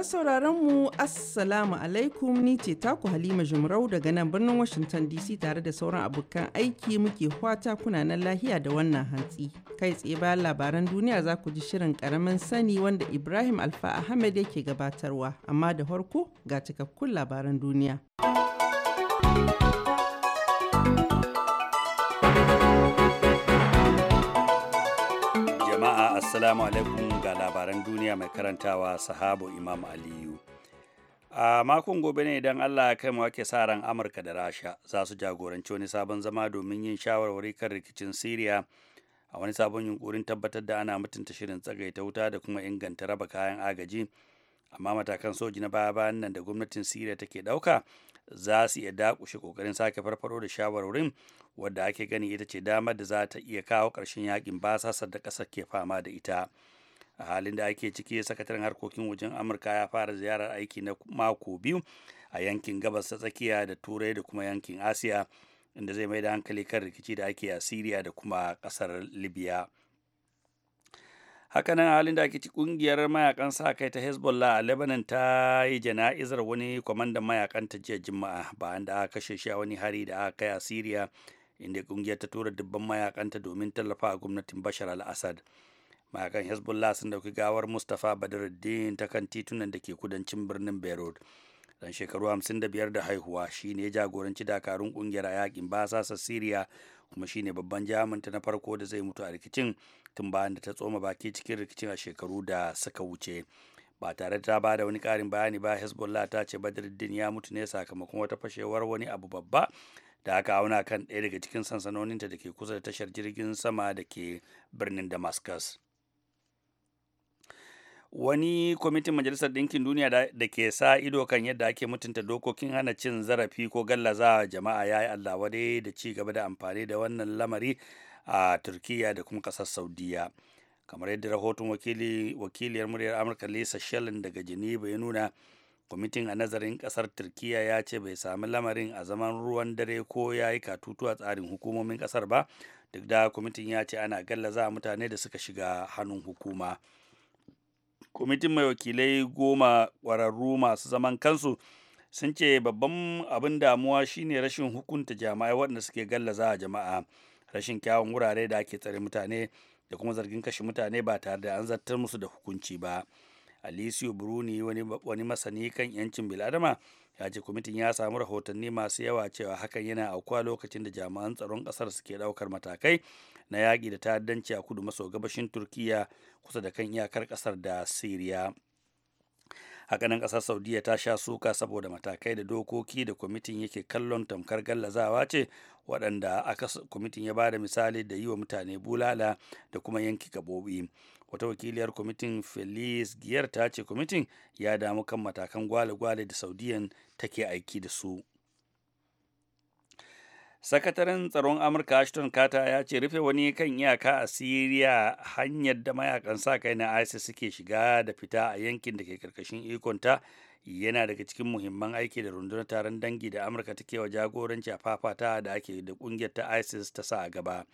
Masu sauraron mu Assalamu alaikum ni ce taku Halima Jumrau daga nan birnin Washington DC tare da sauran abokan aiki muke fata kuna nan lahiya da wannan hantsi. Kai tsaye bayan labaran duniya za ku ji shirin karamin sani wanda Ibrahim Alfa Ahmed yake gabatarwa amma da farko ga cikakkun labaran duniya. Assalamu alaikum ga labaran duniya mai karantawa sahabo Imam Aliyu. A makon gobe ne idan Allah ya kai wake sa ran Amurka da Rasha za su jagoranci wani sabon zama domin yin shawarwari kan rikicin Siriya a wani sabon yunkurin tabbatar da ana mutunta shirin tsagaita wuta da kuma inganta raba kayan agaji. Amma matakan soji na baya bayan nan da gwamnatin Siriya take ɗauka za su iya dakushe kokarin sake farfaro da shawarwarin wadda ake gani ita ce damar da za ta iya kawo ƙarshen yakin basasa da ƙasar ke fama da ita a halin da ake ciki sakataren harkokin wajen amurka ya fara ziyarar aiki na mako biyu a yankin gabas ta tsakiya da turai da kuma yankin asiya inda zai mai da hankali kan rikici da ake a siriya da kuma ƙasar libya hakanan a halin da ake ci kungiyar mayakan sa kai ta hezbollah a lebanon ta yi jana'izar wani kwamandan mayakan ta jiya juma'a bayan da aka kashe shi a wani hari da aka kai a syria inda kungiyar ta tura dubban mayakanta domin tallafa a gwamnatin bashar al-assad mayakan hezbollah sun dauki gawar mustapha badruddin ta kan titunan da ke kudancin birnin beirut dan shekaru 55 da haihuwa shine jagoranci dakarun kungiyar a yakin basasa syria kuma shine babban jaminta na farko da zai mutu a rikicin tun bayan da ta tsoma baki cikin rikicin a shekaru da suka wuce ba tare da ta ba da wani karin bayani ba hezbollah ta ce badruddin ya mutu ne sakamakon wata fashewar wani abu babba da aka auna kan ɗaya daga cikin sansanoninta da ke kusa da tashar jirgin sama da ke birnin damascus wani kwamitin majalisar ɗinkin duniya da ke sa ido kan yadda ake mutunta dokokin hana cin zarafi ko gallaza jama'a ya yi allah da ci gaba da amfani da wannan lamari a turkiya da kuma ƙasar saudiya kamar yadda rahoton wakiliyar muryar amurka lisa shellen daga geneva ya nuna kwamitin a nazarin ƙasar turkiya ya ce bai sami lamarin a zaman ruwan dare ko ya yi katutu a tsarin hukumomin ƙasar ba duk da kwamitin ya ce ana gallaza mutane da suka shiga hannun hukuma kwamitin mai wakilai goma ƙwararru masu zaman kansu sun ce babban abin damuwa shine rashin hukunta jama'ai waɗanda suke gallaza a jama'a rashin kyawun wurare da ake tsare mutane da kuma zargin kashe mutane ba tare da an zartar musu da hukunci ba alisio bruni wani, wani masani kan yancin biladama ya ce kwamitin ya samu rahotanni masu yawa cewa hakan yana aukuwa lokacin da jami'an tsaron ƙasar suke ɗaukar matakai na yaƙi da ta'addanci a kudu maso gabashin turkiya kusa da kan iyakar ƙasar da siriya hakanan ƙasar saudiya ta sha suka saboda matakai da dokoki da kwamitin yake kallon tamkar gallazawa ce waɗanda aka kwamitin ya bada misali da yi wa mutane bulala da kuma yanki gabobi wata wakiliyar kwamitin felis giyar ta ce kwamitin ya damu kan matakan gwale-gwale da saudiyan take aiki da su sakataren tsaron amurka ashton kata ya ce rufe wani kan iyaka a siriya hanyar da mayakan sa kai na isis suke shiga da fita a yankin da ke karkashin ikonta yana daga cikin muhimman aiki da rundunar taron dangi da amurka take wa jagoranci a fafata da ake da kungiyar ta isis ta sa a gaba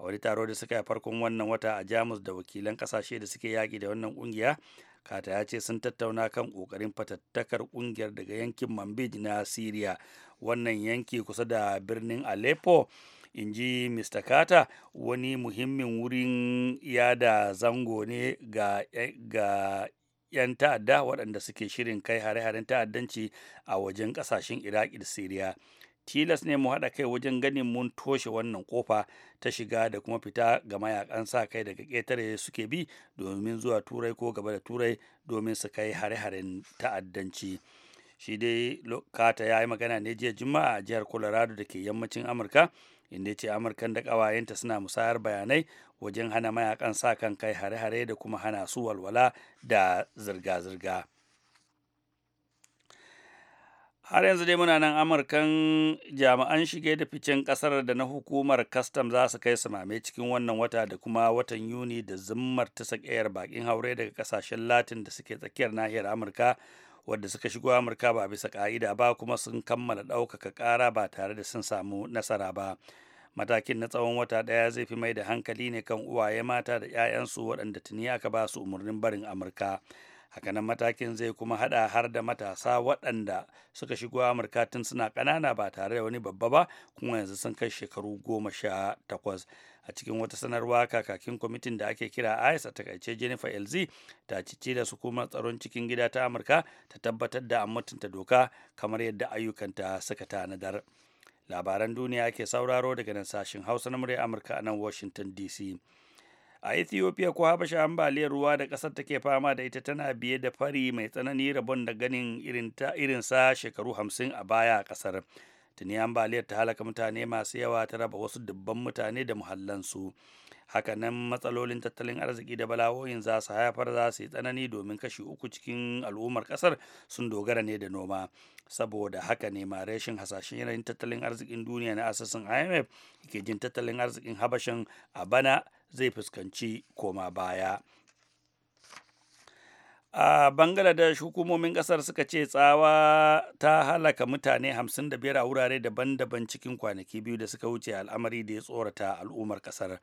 a wani taro da suka yi farkon wannan wata a jamus da wakilan kasashe da suke yaki da wannan kungiya kata ya ce sun tattauna kan kokarin fatattakar ƙungiyar daga yankin manbij na siriya wannan yanki kusa da birnin aleppo in ji mr carter wani muhimmin wurin yada zango ne ga, ga 'yan ta'adda waɗanda suke shirin kai hare-haren ta'addanci a wajen ƙasashen iraki da siriya tilas ne mu haɗa kai wajen ganin mun toshe wannan kofa ta shiga da kuma fita ga mayakan sa kai daga ƙetare suke bi domin zuwa turai ko gaba da turai domin su kai hare-haren ta'addanci. shi dai kata ya yi magana ne jiya juma'a a jihar colorado da ke yammacin amurka inda yace ce amurkan da ƙawayenta suna musayar bayanai wajen hana mayakan sa kan kai hare-hare da kuma hana su walwala da zirga-zirga har yanzu dai muna nan amurkan jami'an shige da ficen kasar da na hukumar kastam za su kai samame cikin wannan wata da kuma watan yuni da zimmar ta sakayar bakin haure daga kasashen latin da suke tsakiyar nahiyar amurka wadda suka shigo amurka ba bisa ka'ida ba kuma sun kammala ɗaukaka ƙara ba tare da sun samu nasara ba matakin na tsawon wata ɗaya zai fi mai da hankali ne kan uwaye mata da 'ya'yansu waɗanda tuni aka ba su umarnin barin amurka hakanan matakin zai kuma hada har da matasa waɗanda suka shigo amurka tun suna ƙanana ba tare da wani babba ba kuma yanzu sun kai shekaru goma sha takwas a cikin wata sanarwa kakakin kwamitin da ake kira ice a takaice jennifer lz ta cici da su kuma tsaron cikin gida ta amurka ta tabbatar da an mutunta doka kamar yadda ayyukanta suka tanadar labaran duniya ke sauraro daga nan sashen hausa na murya amurka a nan washington dc a ethiopia ko habasha ambaliyar ruwa da ƙasar take fama da ita tana biye da fari mai tsanani rabon da ganin irinsa shekaru hamsin a baya a kasar tuni ambaliyar ta halaka mutane masu yawa ta raba wasu dubban mutane da muhallansu hakanan matsalolin tattalin arziki da balawoyin za su haifar za su yi tsanani domin kashi uku cikin al'ummar kasar sun dogara ne da noma saboda haka ne ma rashin hasashen yanayin tattalin arzikin duniya na asasin imf ke jin tattalin arzikin habashin a bana zai fuskanci koma baya a da hukumomin kasar suka ce tsawa ta halaka mutane 55 a wurare daban-daban cikin kwanaki biyu da suka wuce al'amari da ya tsorata al'ummar kasar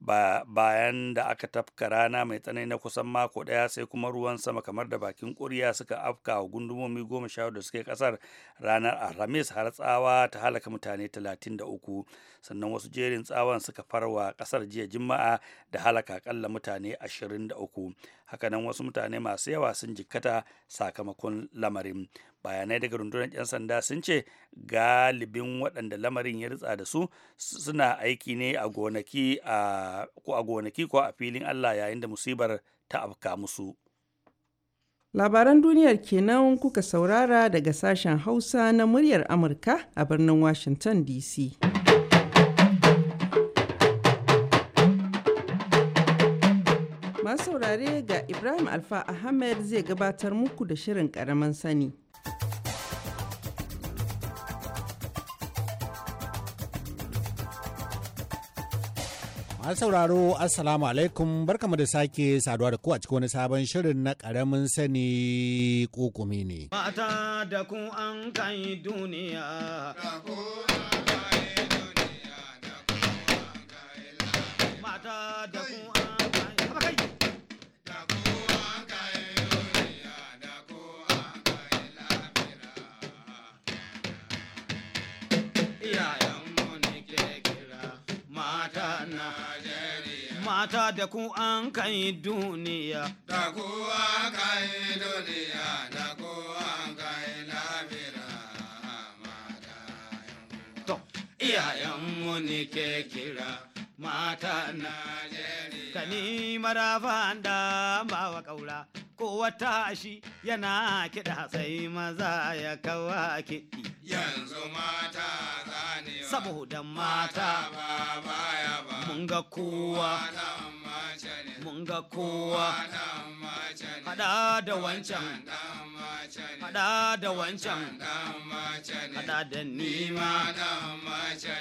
bayan da aka tafka rana mai tsanani na kusan mako daya sai kuma ruwan sama kamar da bakin ƙuriya suka afka wa gundumomi goma sha da suke kasar ranar alhamis har tsawa ta halaka mutane talatin da uku sannan wasu jerin tsawan suka farwa kasar jiya jima'a da halaka kalla mutane ashirin da uku hakanan wasu mutane masu yawa sun jikkata sakamakon lamarin bayanai daga rundunar 'yan sanda sun ce galibin waɗanda lamarin ya ritsa da su suna aiki ne a gonaki ko a gonaki ko a filin allah yayin da musibar ta afka musu labaran duniyar kenan kuka saurara daga sashen hausa na muryar amurka a birnin washington dc masu saurare ga Ibrahim Alfa Ahmed zai gabatar muku da shirin karamin sani. An sauraro Assalamu alaikum barkamu da sake saduwa da ku a cikin wani sabon shirin na ƙaramin sani kokumi ne. Mata da ku an kai duniya. Mata da ku da ku an kai duniya. Da ku an kai duniya, da ku an kai lamira mata To, iyayenmu ne ke kira mata Najeriya. Kani marafan da bawa ƙaura. wata shi yana kiɗa sai maza ya kawa kiɗi. Yanzu mata zanewa. Saboda mata. Mata ba baya ba. Mun ga kowa. mun ga kowa hada da wancan hada da wancan hada da nima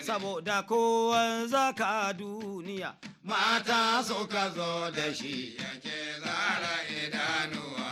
saboda kowa zaka duniya mata suka zo da shi yake zara idanuwa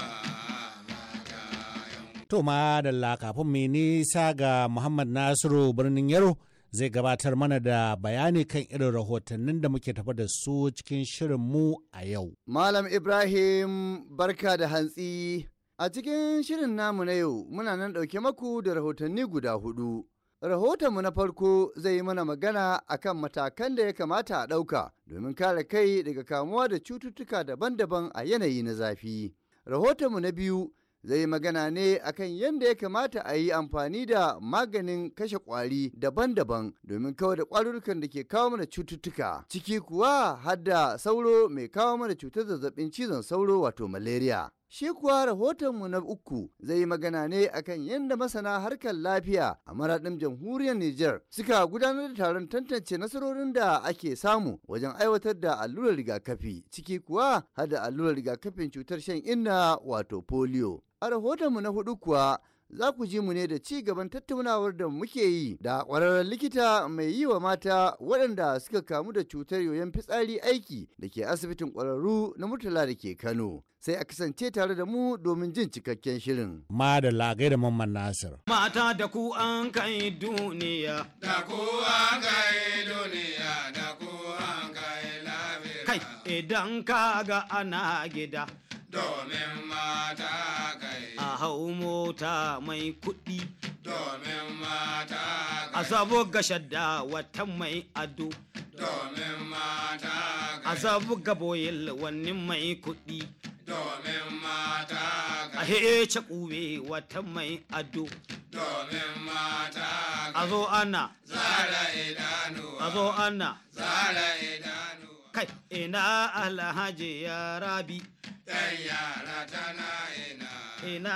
To ma da kafin mai nisa ga Muhammad Nasiru birnin Yaro zai gabatar mana da bayani kan irin rahotannin da muke tafa da su cikin shirin mu a yau. Malam Ibrahim barka da hantsi. A cikin shirin namu na yau muna nan ɗauke maku da rahotanni guda hudu. Rahotonmu na farko zai yi mana magana a kan matakan da ya kamata a ɗauka domin kare kai daga kamuwa da cututtuka daban-daban a yanayi na zafi. Rahotonmu na biyu zai yi magana ne akan yadda ya kamata a yi amfani da maganin kashe kwari daban-daban domin kawar da kwarurukan da ke kawo mana cututtuka ciki kuwa har sauro mai kawo mana cutar zazzabin cizon sauro wato malaria. Shi kuwa rahotonmu na uku zai yi magana ne akan yadda masana harkar lafiya a maraɗin jamhuriyar Nijar suka gudanar da taron tantance nasarorin da ake samu wajen aiwatar da allurar rigakafi ciki kuwa hada allurar rigakafin cutar shan inna wato polio. A rahotonmu na hudu kuwa za ku ji mu ne da ci gaban tattaunawar da muke yi da ƙwararren likita mai yi wa mata waɗanda suka kamu da cutar yoyon fitsari aiki da ke asibitin ƙwararru na murtala da ke Kano. Sai a kasance tare da mu domin jin cikakken shirin. Ma da lagai da mamman Nasir. Mata da ku an kai duniya. Da ku an kai duniya da ku an kai lafiya. Kai idan ka ga ana gida. domin mata kai. A hau mota mai kuɗi. Domin mata kai. A sabo gashar da wata mai ado. Domin mata kai. A sabo gaboyin wani mai kuɗi. Domin mata kai. A hece kube wata mai ado. Domin mata kai. A zo ana. Zara idanu. A zo ana. Zara idanu. kai ina alhaji ya rabi dan tana ina ina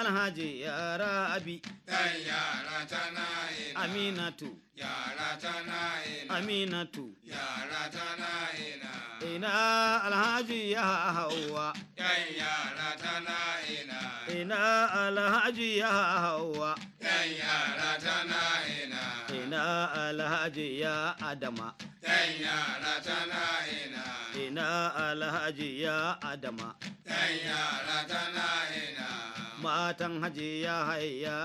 alhaji ya rabi dan tana ina aminatu yara tana ina aminatu yara tana ina ina alhaji ya hawa dan tana ina ina alhaji ya hawa dan tana ina ina alhaji ya adama tanya Ratana tana ina ina alhaji ya adama tanya Ratana tana ina matan haji ya hayya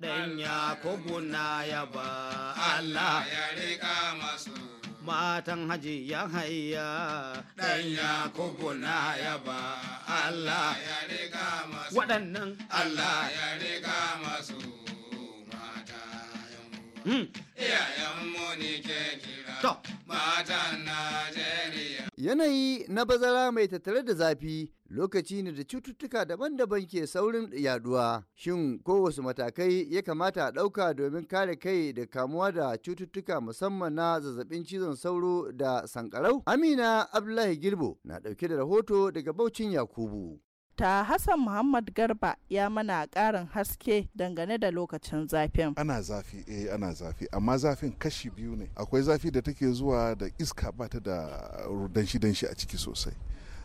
danya kubuna ya ba Allah ya rika masu matan haji ya hayya danya kubuna ya ba Allah ya rika masu waɗannan Allah ya rika masu Hmm. Yanayi na bazara mai tattare da zafi lokaci ne da cututtuka daban-daban ke saurin yaduwa. Shin kowace matakai ya kamata a ɗauka domin kare kai da kamuwa da cututtuka musamman na zazzabin cizon sauro da sankarau? Amina Abdullahi Girbo na ɗauke da rahoto daga Baucin Yakubu. ta Hassan Muhammad Garba ya mana ƙarin haske dangane da lokacin zafin. Ana zafi eh ana zafi amma zafin kashi biyu ne akwai zafi da take zuwa da iska ba ta da danshi danshi a ciki sosai.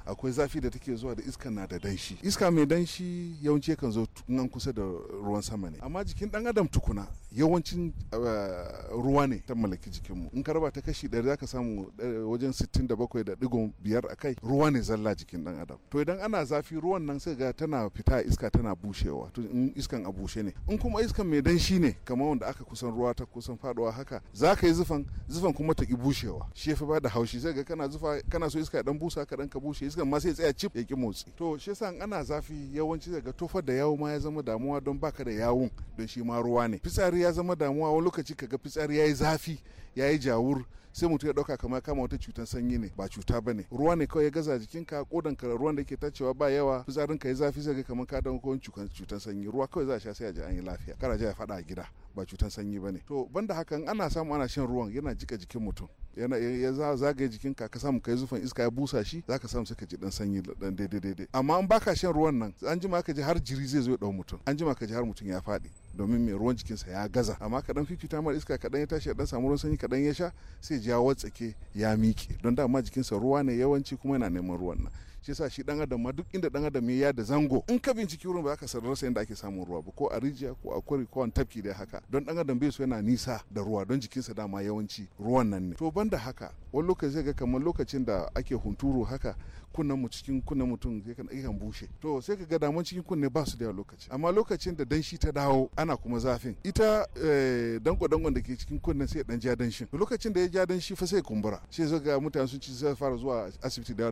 akwai zafi da take zuwa da iska na da danshi iska mai danshi yawanci kan zo nan kusa da ruwan sama ne amma jikin ɗan adam tukuna yawancin eh, ruwa ne ta mallaki jikinmu in ka ta kashi ɗari zaka samu eh, wajen sittin da bakwai da digon biyar a kai ruwa ne zalla jikin ɗan adam to idan ana zafi ruwan nan sai ga tana fita iska tana bushewa to in iskan a bushe ne in kuma iskan mai danshi ne kamar wanda aka kusan ruwa ta kusan faduwa haka zaka yi zufan zufan kuma ta ki bushewa shi yafi bada haushi sai ga kana zufa kana so iska dan busa ka dan ka bushe iskan ma sai tsaya cip ya ki motsi to shi yasa ana zafi yawanci daga tofar da yawo ma ya zama damuwa don baka da yawun don shi ma ruwa ne fitsari ya zama damuwa wani lokaci kaga fitsari ya yi zafi ya yi jawur sai mutum ya dauka kamar kama wata cutar sanyi ne ba cuta ba ne ruwa ne kawai ya gaza jikinka kodan ka ruwan da ke tacewa ba yawa fitsarin ka ya zafi sai ga kamar ka kowani cutar sanyi ruwa kawai za a sha sai a ji an yi lafiya kar a ya fada a gida ba cutar sanyi ba ne to banda hakan ana samu ana shan ruwan yana jika jikin mutum yana ya zagaye jikin ka ka samu kai zufan iska ya busa shi za ka samu sai ka ji dan sanyi dan daidai daidai amma in baka shan ruwan nan an jima ka ji har jiri zai zo ya dau mutum an jima ka ji har mutum ya faɗi domin mai ruwan jikinsa ya gaza amma kaɗan fifita mara iska kaɗan ya tashi dan samu ruwan sanyi kaɗan ya sha sai ya watsake ya miƙe don dama jikinsa ruwa ne yawanci kuma yana neman ruwan nan shi yasa shi dan adam ma duk inda dan adam ya da zango in ka binciki wurin ba za ka rasa yadda ake samun ruwa ba ko a rijiya ko a kwari ko a tafki da haka don dan adam bai so yana nisa da ruwa don jikinsa dama yawanci ruwan nan ne to banda haka wani lokaci zai ga kamar lokacin da ake hunturu haka kunnen mu cikin kunnen mutum kan bushe to sai ka ga damun cikin kunne ba su da lokaci amma lokacin da danshi ta dawo ana kuma zafin ita eh, dango dangon da ke cikin kunnen sai dan ja danshin lokacin da ya ja danshi fa sai kumbura sai zaga mutane sun ci sai fara zuwa asibiti da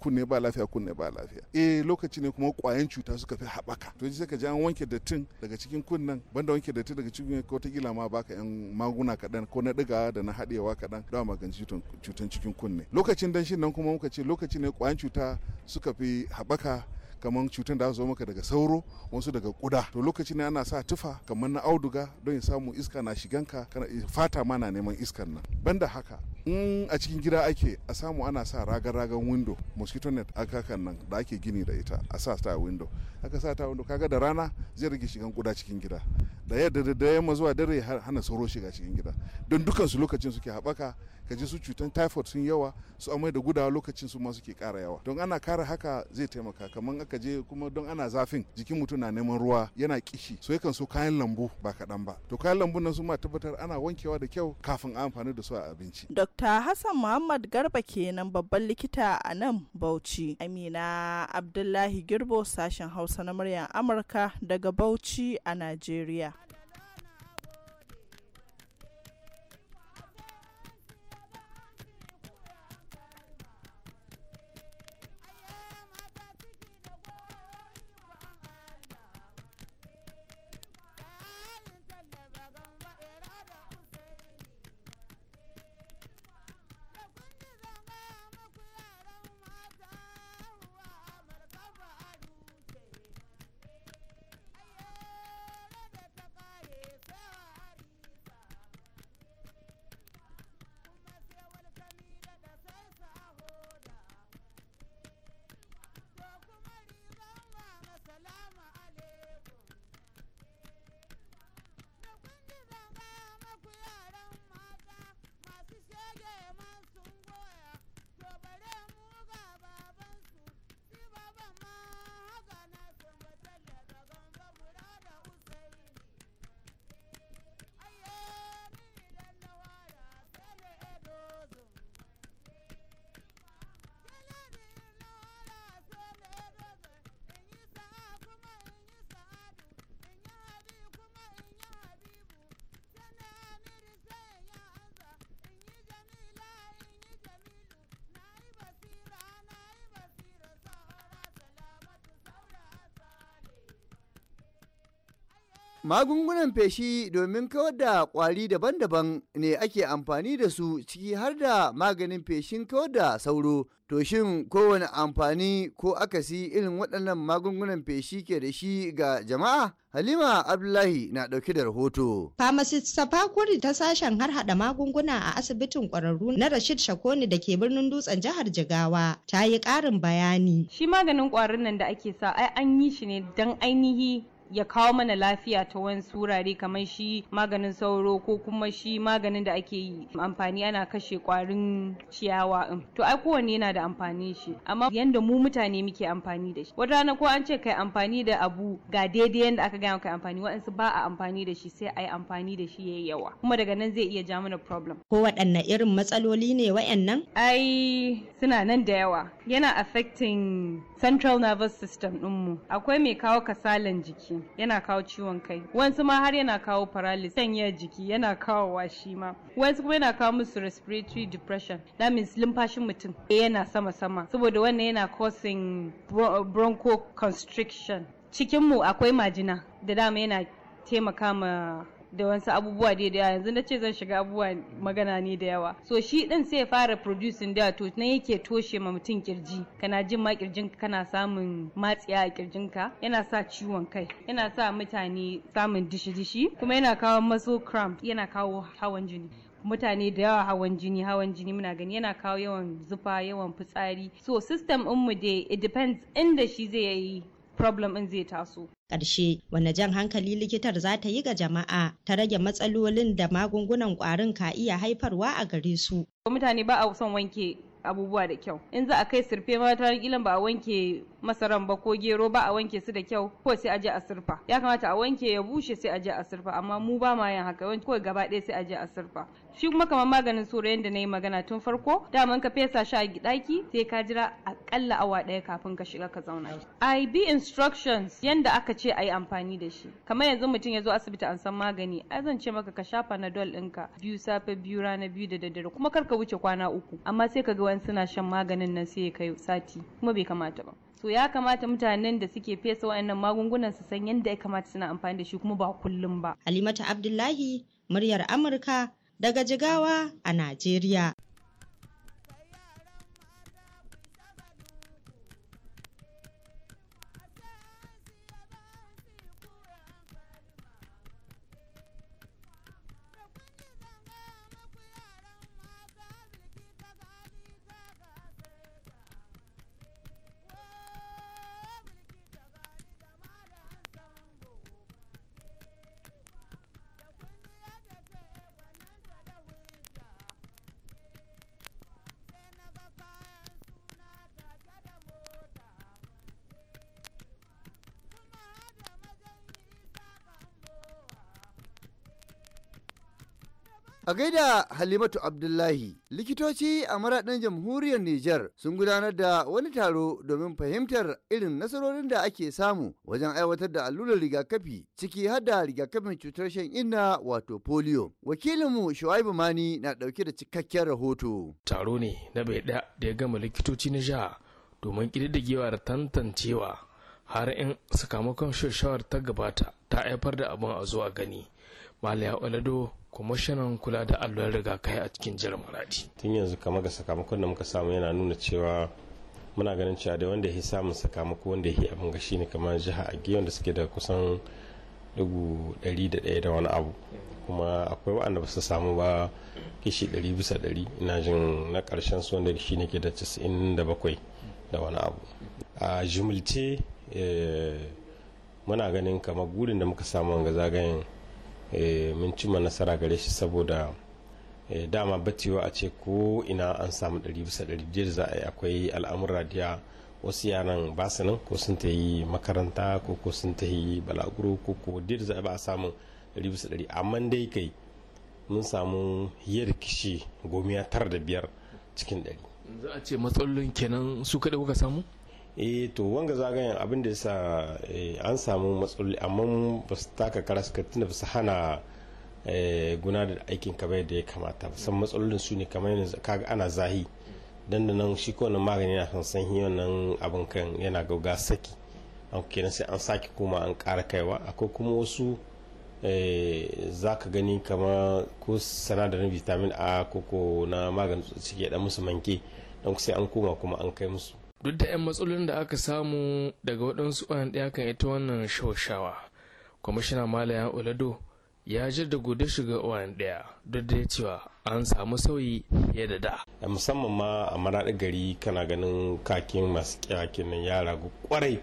kunne ba lafiya kunne ba lafiya eh lokaci ne kuma kwayan cuta suka fi haɓaka to sai ka ji an wanke dattin daga cikin kunnen banda wanke dattin daga cikin ko ta gila ma baka yan maguna kaɗan ko na ɗiga da na haɗewa kaɗan don maganci cutan cikin kunne lokacin danshin nan kuma muka ce lokacin ne kwayan cuta suka fi haɓaka kamar cutar da zo maka daga sauro wasu daga kuda to lokacin ne ana sa tufa kamar na auduga don ya samu iska na shiganka kana fata ma na neman iskan nan banda haka in a cikin gida ake a samu ana sa raga-ragan window mosquito net akakan nan da ake gini da ita a sa ta window aka sa ta window kaga da rana zai rage shigan kuda cikin gida da yadda da yamma zuwa dare hana sauro shiga cikin gida don dukansu lokacin suke haɓaka ka ji su cutan typhoid sun yawa su amai da gudawa lokacin su ma suke kara yawa don ana kara haka zai taimaka kamar aka je kuma don ana zafin jikin mutum na neman ruwa yana kishi so yakan so kayan lambu ba kaɗan ba to kayan lambun nan su ma tabbatar ana wankewa da kyau kafin a amfani da su a abinci. Dr. Hassan Muhammad Garba kenan babban likita a nan Bauchi. Amina Abdullahi Girbo sashen Hausa na muryar Amurka daga Bauchi a Najeriya. Magungunan feshi domin kawar da ƙwari daban-daban ne ake amfani da su ciki har da maganin feshin kawar da sauro. To shin kowane amfani ko akasi irin waɗannan magungunan feshi ke da shi ga jama'a? Halima Abdullahi na ɗauki da rahoto. Pharmacist Safakuri ta sashen har hada magunguna a asibitin ƙwararru na Rashid Shakoni da ke birnin dutsen jihar Jigawa ta yi ƙarin bayani. Shi maganin ƙwarin nan da ake sa ai an yi shi ne don ainihi ya kawo mana lafiya ta wani surare kamar shi maganin sauro ko kuma shi maganin da ake yi amfani ana kashe kwarin ciyawa in to ai kowanne yana da amfani shi amma yanda mu mutane muke amfani da shi wata rana ko an ce kai amfani da abu ga daidai yanda aka gaya kai amfani wa'ansu ba a amfani da shi sai a yi amfani da shi yayi yawa kuma daga nan zai iya ja mana problem ko waɗanne irin matsaloli ne wa'annan ai suna nan da yawa yana affecting central nervous system ɗinmu akwai mai kawo kasalan jiki yana kawo ciwon kai wasu ma har yana kawo paralysis sanya jiki yana kawowa shi ma wasu kuma yana kawo musu respiratory depression that means limfashin mutum yana sama sama saboda wannan yana causing bronchoconstriction cikinmu akwai majina da dama yana taimaka ma da wasu abubuwa dai da yanzu na ce zan shiga abubuwa magana ne da yawa so shi din sai ya fara producing da to na yake toshe ma mutum kirji kana jin ma kirjin kana samun matsiya a kirjin ka yana sa ciwon kai yana sa mutane samun dishi-dishi kuma yana kawo muscle cramp yana kawo hawan jini mutane da yawa hawan jini hawan jini muna gani yana kawo yawan zufa yawan fitsari so system mu dai it depends inda shi zai yi problem in zai taso. Karshe, wanne jan hankali likitar za ta yi ga jama'a ta rage matsalolin da magungunan kwarin ka iya haifarwa a gare su. Mutane ba a son wanke abubuwa da kyau. In za a kai sirfe ma ta ba a wanke masaran ba ko gero ba a wanke su da kyau ko sai a a surfa ya kamata a wanke ya bushe sai aje je a surfa amma mu ba ma yin haka ko gaba ɗaya sai a je a surfa shi kuma kamar maganin soro yadda na yi magana tun farko daman ka fesa shi a gidaki sai ka jira akalla awa ɗaya kafin ka shiga ka zauna I be instructions yanda aka ce a yi amfani da shi kamar yanzu mutum ya zo asibiti an san magani ai zan ce maka ka sha dol ɗinka biyu safe biyu rana biyu da daddare kuma kar ka wuce kwana uku amma sai ka ga wani suna shan maganin nan sai ya kai sati kuma bai kamata ba so ya kamata mutanen da suke fesa waɗannan magungunan su san yadda ya kamata suna amfani da shi kuma ba kullum ba halimatu abdullahi muryar amurka daga jigawa a najeriya A gaida Halimatu Abdullahi, likitoci a maraɗin jamhuriyar Nijar sun gudanar da wani taro domin fahimtar irin nasarorin da ake samu wajen aiwatar da allurar rigakafi ciki har da rigakafin cutar shan inna wato polio. Wakilinmu Shu'aibu Mani na ɗauke da cikakken rahoto. Taro ne na bai ɗaya da ya gama likitoci na jiha domin ƙididdigewa da tantancewa har in sakamakon shawar ta gabata ta haifar da abin a zuwa gani. Maliya Olado kwamishinan kula da allurar rigakai a cikin jihar Maradi. Tun yanzu kama ga sakamakon da muka samu yana nuna cewa muna ganin cewa da wanda ya samun sakamako wanda ya abin ga ne kamar jiha a Agi da suke da kusan dubu ɗari da ɗaya da wani abu kuma akwai waɗanda ba su samu ba kishi ɗari bisa ɗari ina jin na karshen su wanda shi ne ke da casa'in da bakwai da wani abu a jimilce eh, muna ganin kamar gurin da muka samu wanga zagayen Eh, mun cimma nasara gare shi saboda eh, dama bacewa a ce ko ina an samu ɗari bisa ɗari da za a yi akwai al'amura da wasu yaran ba su nan ko sun ta yi makaranta ko ko sun ta yi balaguro ko ko da za a ba a samu ɗari bisa ɗari amma dai kai mun samu hiyar kishi gomiya tara da biyar cikin ɗari za a ce matsalolin kenan su kaɗai kuka samu eh to wanga zagayen abin da yasa eh, an samu matsaloli amma ba su taka kara suka tuna ba su hana eh, guna da aikin ka bai da ya kamata ba san matsalolin su ne kamar yanzu kaga ana zahi dan da nan shi kowane magani yana san sanyi wannan abin kan yana gauga saki an sai an saki kuma an ƙara kaiwa akwai kuma wasu eh, za ka gani kama ko sanadarin vitamin a koko na maganin ciki ya dan musu manke don sai an koma kuma an kai musu duk da 'yan matsalolin da aka samu daga waɗansu ɓan ɗaya kan ita wannan shaushawa kwamishina malayan olado ya ji da gode shiga ɓan ɗaya duk da cewa an samu sauyi fiye da da musamman ma a maraɗi gari kana ganin kakin masu kyakin nan ya ragu kwarai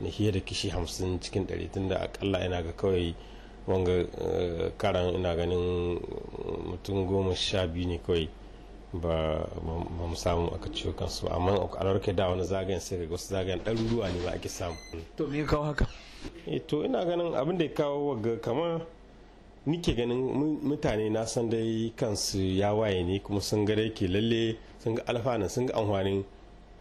na fiye da kishi hamsin cikin ɗari tunda akalla ina ga kawai wanga eh, karan ina ganin eh, mutum goma sha biyu ne kawai ba mu samu aka ciwo kansu amma a rarke da wani zagayen sai ga wasu zagayen ɗaruruwa ne ba ake samu to me kawo haka eh, to ina ganin abin da ya kawo ga kama nike ganin mutane na san dai kansu ya waye ne kuma sun ga ke lalle sun ga alfana sun ga amfanin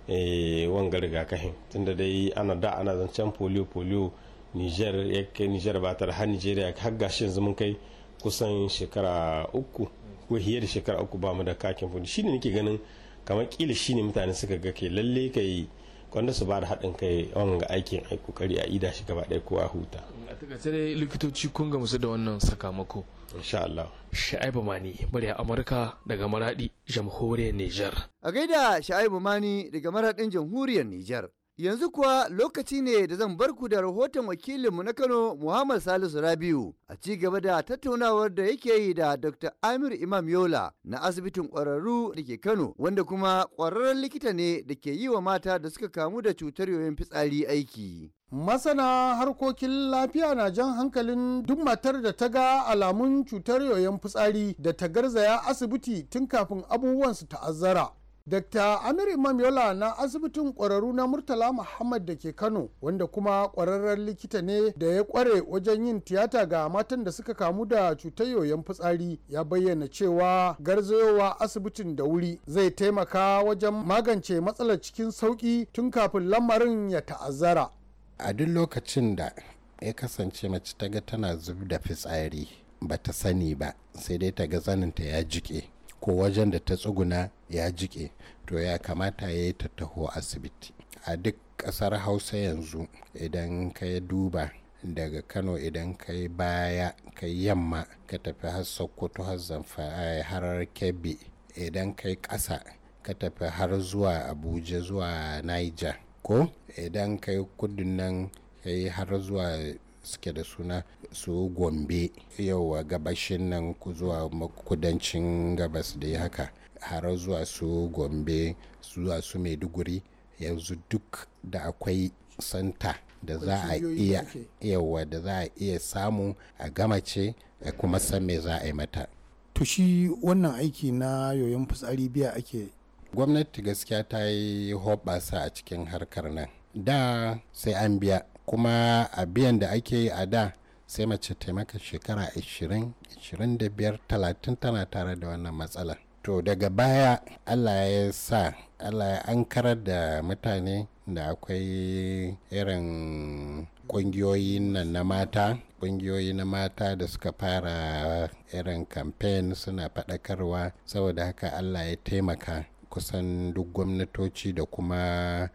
eh, wanga rigakafin tunda dai ana da ana zancen polio polio niger ya niger ba ta har nigeria har gashin kai kusan shekara uku ko hiyar da shekara uku ba mu da kakin fundi shine nake ganin kamar kila shine mutane suka ga ke lalle kai kwanda su ba da haɗin kai on ga aikin ai kokari a ida shi gaba ɗaya ko a huta a takaice dai likitoci kun ga musu da wannan sakamako insha Allah Sha'ibu Mani murya Amurka daga Maradi jamhuriyar Niger a gaida Sha'ibu Mani daga maraɗin jamhuriyar Nijar. Yanzu kuwa lokaci ne da zan barku da rahoton wakilinmu na Kano Muhammad Salisu Rabiu a ci gaba da tattaunawar da yake yi da Dr. Amir Imam Yola na asibitin ƙwararru da ke Kano wanda kuma ƙwararren likita ne da ke yi wa mata da suka kamu da cutar yoyin fitsari aiki. Masana harkokin lafiya na jan hankalin duk matar da ta ga alamun cutar yoyon fitsari da ta garzaya asibiti tun kafin abubuwan su ta'azzara. Dr. Amir Imam Yola na asibitin ƙwararru na Murtala Muhammad da ke Kano wanda kuma ƙwararren likita ne da ya ƙware wajen yin tiyata ga matan da suka kamu da cutar yoyon fitsari ya bayyana cewa garzayowa asibitin da wuri zai taimaka wajen magance matsalar cikin sauƙi tun kafin lamarin ya ta'azzara. A duk lokacin da ya kasance mace ta ga tana zub da fitsari ba ta sani ba sai dai ta ga zaninta ya jike. ko wajen da ta tsuguna ya jike to ya kamata ya yi ta taho asibiti a duk ƙasar hausa yanzu idan ka duba daga kano idan ka yi baya ka yamma ka tafi har sokoto har zamfara eh, har kebbi idan ka yi ƙasa ka tafi har zuwa abuja zuwa niger ko idan ka yi kudin nan ka yi har zuwa suke da suna su gombe yauwa gabashin nan ku zuwa kudancin gabas da ya haka har zuwa su gombe zuwa su maiduguri yanzu duk da akwai santa da za a iya yawa da za a iya samu a gamace a kuma san me za a yi mata to shi wannan aiki na yoyon fitsari biya ake gwamnati gaskiya ta yi hoɓasa a cikin harkar nan da sai an biya kuma a biyan da ake yi a da sai mace taimaka shekara 20 25 30 tana tare da wannan matsala to daga baya allah ya sa allah ya ankarar da mutane da akwai irin kungiyoyi nan na mata kungiyoyi na mata da suka fara irin kamfen suna faɗakarwa saboda haka allah ya taimaka kusan duk gwamnatoci da kuma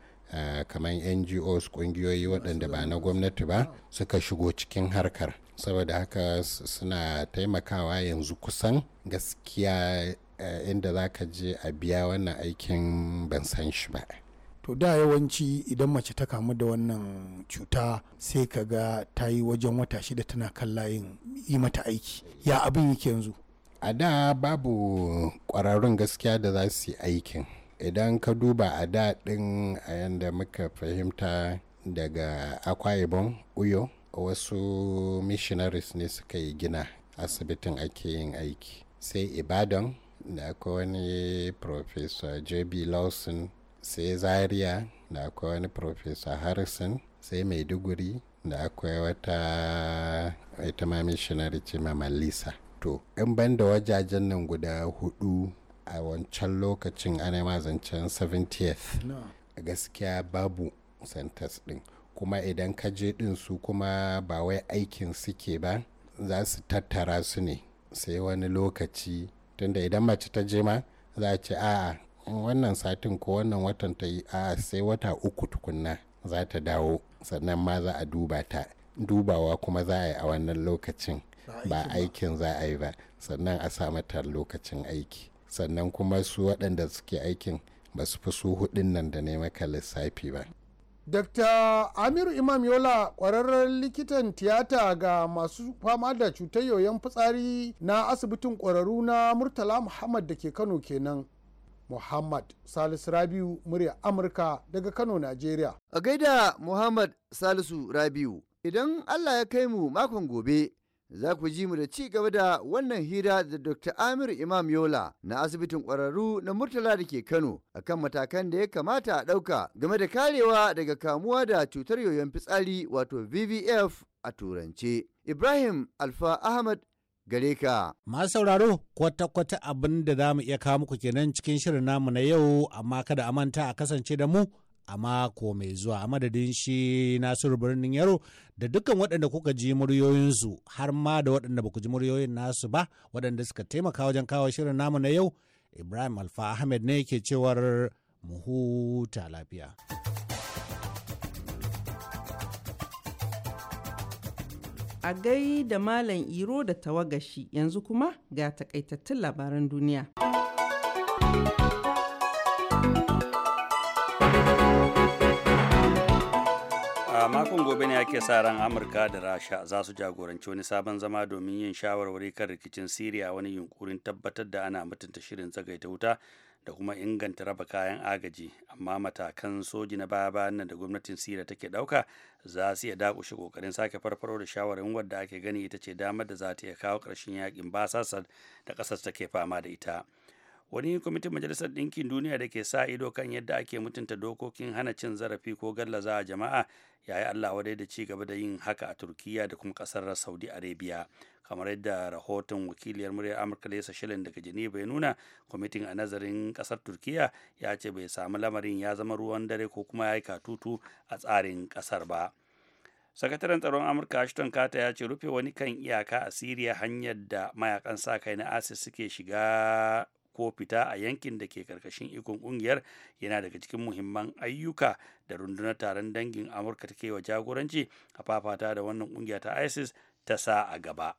kamar ngos kungiyoyi waɗanda ba na gwamnati ba suka shigo cikin harkar saboda haka suna taimakawa yanzu kusan gaskiya inda za ka je a biya wannan aikin ban san shi ba to da yawanci idan mace ta kamu da wannan cuta sai ka ga ta yi wajen wata shida tana kan layin yi mata aiki ya abin yake yanzu a da babu ƙwararrun gaskiya da za su yi aikin idan ka duba a daɗin a yadda muka fahimta daga akwa uyo wasu missionaries ne suka yi gina asibitin ake yin aiki sai ibadan da akwai wani professor j.b. lawson sai zaria da akwai wani professor harrison sai maiduguri da akwai wata ita ma missionary ce mamalisa to in banda wajajen nan guda hudu a wancan lokacin ana ma zancen 70th gaskiya babu centers din kuma idan ka je din su kuma ba wai aikin suke ba za su tattara su ne sai wani lokaci tunda idan mace ta je ma za a ce a'a wannan satin ko wannan watan ta yi a'a sai wata uku tukunna za ta dawo sannan ma za a duba ta dubawa kuma za a yi a wannan lokacin ba aikin za a yi ba sannan a sa mata lokacin aiki sannan kuma su waɗanda suke aikin ba su fi su hudun nan da ne maka lissafi ba. Dr. Amiru Imam Yola ƙwararren likitan tiyata ga masu fama da cutar yoyon fitsari na asibitin ƙwararru na Murtala Muhammad da ke Kano kenan. Muhammad Salisu Rabiu murya Amurka daga Kano, Najeriya. A gaida Muhammad Salisu Rabiu, idan Allah ya kai mu makon gobe za ku ji mu da ci gaba da wannan hira da Dr. Amir Imam Yola na asibitin ƙwararru na Murtala da ke Kano akan matakan da ya kamata a ɗauka game da karewa daga kamuwa da cutar yoyon fitsari wato VVF a turance. Ibrahim Alfa Ahmad gare ka. Masu sauraro kwata-kwata abin da za mu iya kawo muku kenan cikin shirin namu na yau amma kada a manta a kasance da mu a mako mai zuwa a madadin shi nasiru birnin yaro da dukkan waɗanda kuka ji muryoyinsu har ma da waɗanda baku ji muryoyin nasu ba waɗanda suka taimaka wajen kawo shirin namu na yau ibrahim alfa ahmed ne ke cewar mu huta lafiya. a gai da Malam Iro da tawagashi yanzu kuma ga takaitattun labaran duniya. makon gobe ne ake sa ran amurka da rasha za su jagoranci wani sabon zama domin yin shawarwari kan rikicin siriya wani yunkurin tabbatar da ana mutunta shirin tsagaita wuta da kuma inganta raba kayan agaji amma matakan soji na baya bayan nan da gwamnatin siriya take dauka za su iya dakushe kokarin sake farfaro da shawarin wadda ake gani ita ce damar da za ta iya kawo ƙarshen yakin basasar da ƙasar take fama da ita. wani kwamitin majalisar ɗinkin duniya da ke sa ido kan yadda ake mutunta dokokin hana cin zarafi ko gallaza a jama'a ya yi allah wadai da ci gaba da yin haka a turkiya da kuma ƙasar saudi arabia kamar yadda rahoton wakiliyar muryar amurka lesa shilin daga geneva ya nuna kwamitin a nazarin ƙasar turkiya ya ce bai samu lamarin ya zama ruwan dare ko kuma ya yi katutu a tsarin ƙasar ba sakataren tsaron amurka ashton kata ya ce rufe wani kan iyaka a siriya hanyar da mayakan sa kai na asis suke shiga ko fita a yankin da ke karkashin ikon kungiyar yana daga cikin muhimman ayyuka da rundunar taron dangin amurka ta wa jagoranci a fafata da wannan kungiya ta isis ta sa a gaba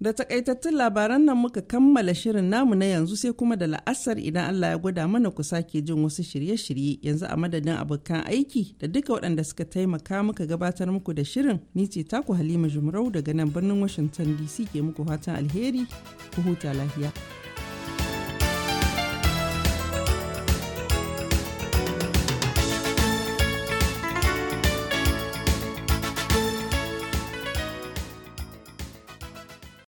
da takaitattun labaran nan muka kammala shirin namu na yanzu sai kuma da la'asar idan Allah ya gwada mana ku sake jin wasu shirye-shirye yanzu a madadin abokan aiki da duka waɗanda suka taimaka muka gabatar muku da shirin ni ce taku halima jumrau daga nan birnin washington dc ke muku fatan alheri ku huta lafiya.